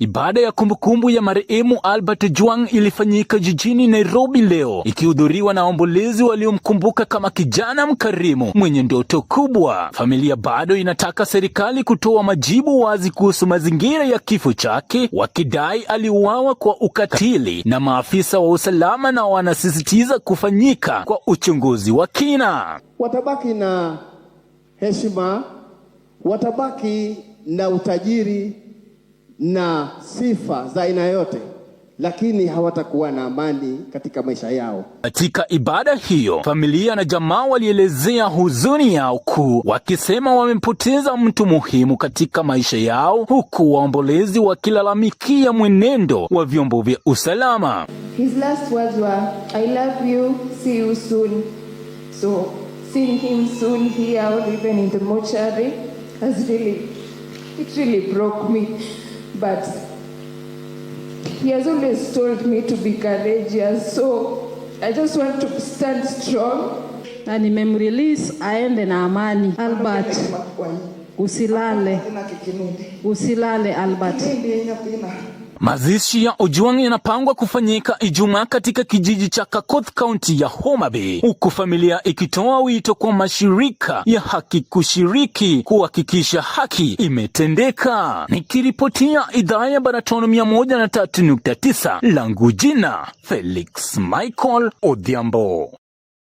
Ibada ya kumbukumbu ya marehemu Albert juang ilifanyika jijini Nairobi leo ikihudhuriwa na waombolezi waliomkumbuka kama kijana mkarimu mwenye ndoto kubwa. Familia bado inataka serikali kutoa majibu wazi kuhusu mazingira ya kifo chake, wakidai aliuawa kwa ukatili na maafisa wa usalama, na wanasisitiza kufanyika kwa uchunguzi wa kina. Watabaki na heshima, watabaki na utajiri na sifa za aina yote lakini hawatakuwa na amani katika maisha yao. Katika ibada hiyo, familia na jamaa walielezea huzuni yao kuu, wakisema wamempoteza mtu muhimu katika maisha yao, huku waombolezi wakilalamikia mwenendo wa vyombo vya usalama. His last words were, I love you, see you soon. So seeing him soon here or even in the mortuary has really It really broke me, but he has always told me to be courageous, so I just want to stand strong. Na nimemrelease aende na amani. Albert, usilale, usilale Albert. Mazishi ya Ojwang yanapangwa kufanyika Ijumaa katika kijiji cha Kakoth, kaunti ya Homa Bay, huku familia ikitoa wito kwa mashirika ya haki kushiriki kuhakikisha haki imetendeka. Nikiripotia idhaa ya Baratono 103.9, langu jina Felix Michael Odhiambo.